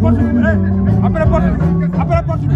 porte bi eh, après porte bi après porte bi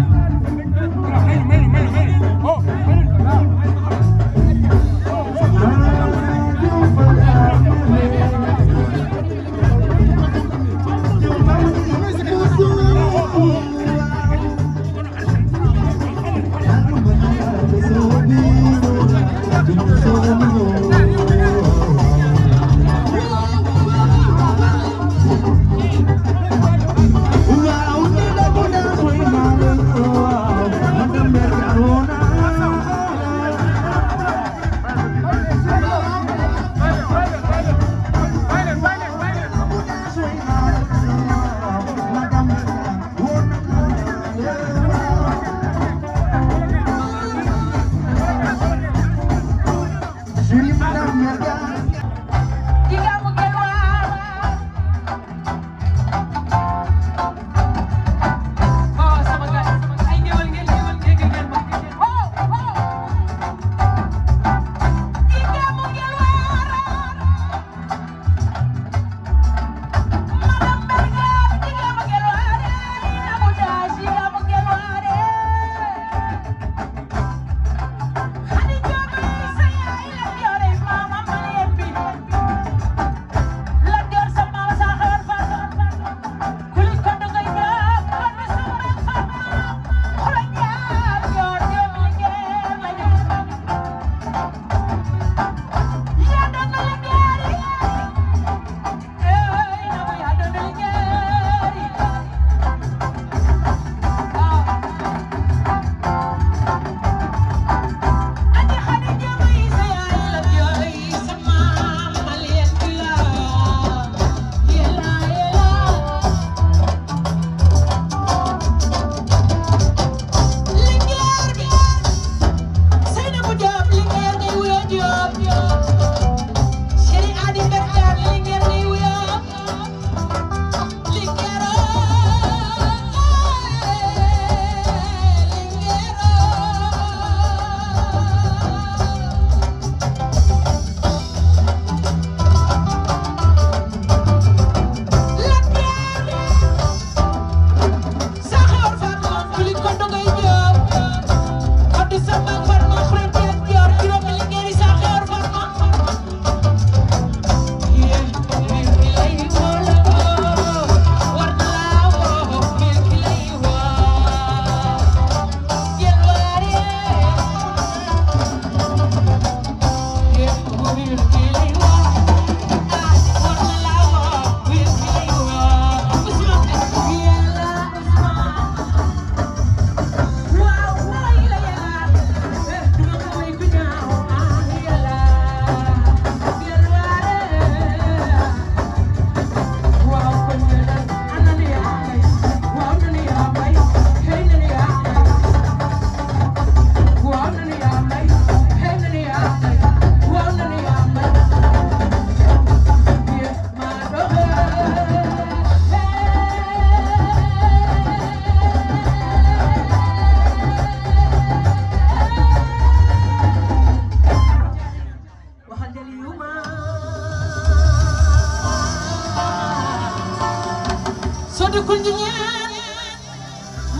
waaw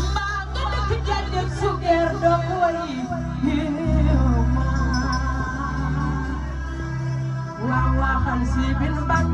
waaw xaalis yi bin ban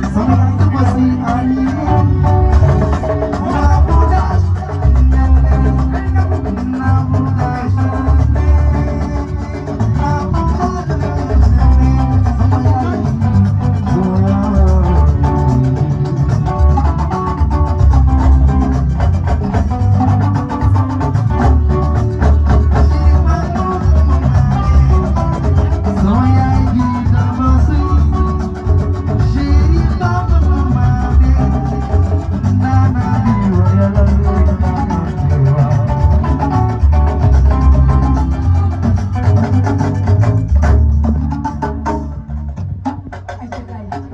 sama